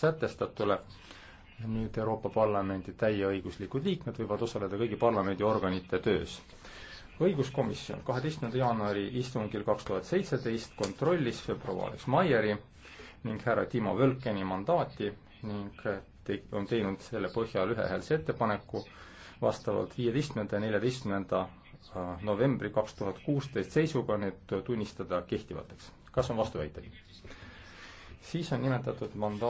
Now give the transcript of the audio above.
sätestatule. nüüd Euroopa Parlamendi täieõiguslikud liikmed võivad osaleda kõigi parlamendiorganite töös. õiguskomisjon kaheteistkümnenda jaanuari istungil kaks tuhat seitseteist kontrollis proua Alex Maieri ning härra Timo Völkeni mandaati ning te-, on teinud selle põhjal ühehäälse ettepaneku vastavalt viieteistkümnenda ja neljateistkümnenda äh, novembri kaks tuhat kuusteist seisuga need tunnistada kehtivateks. kas on vastuväiteid? siis on nimetatud mandaat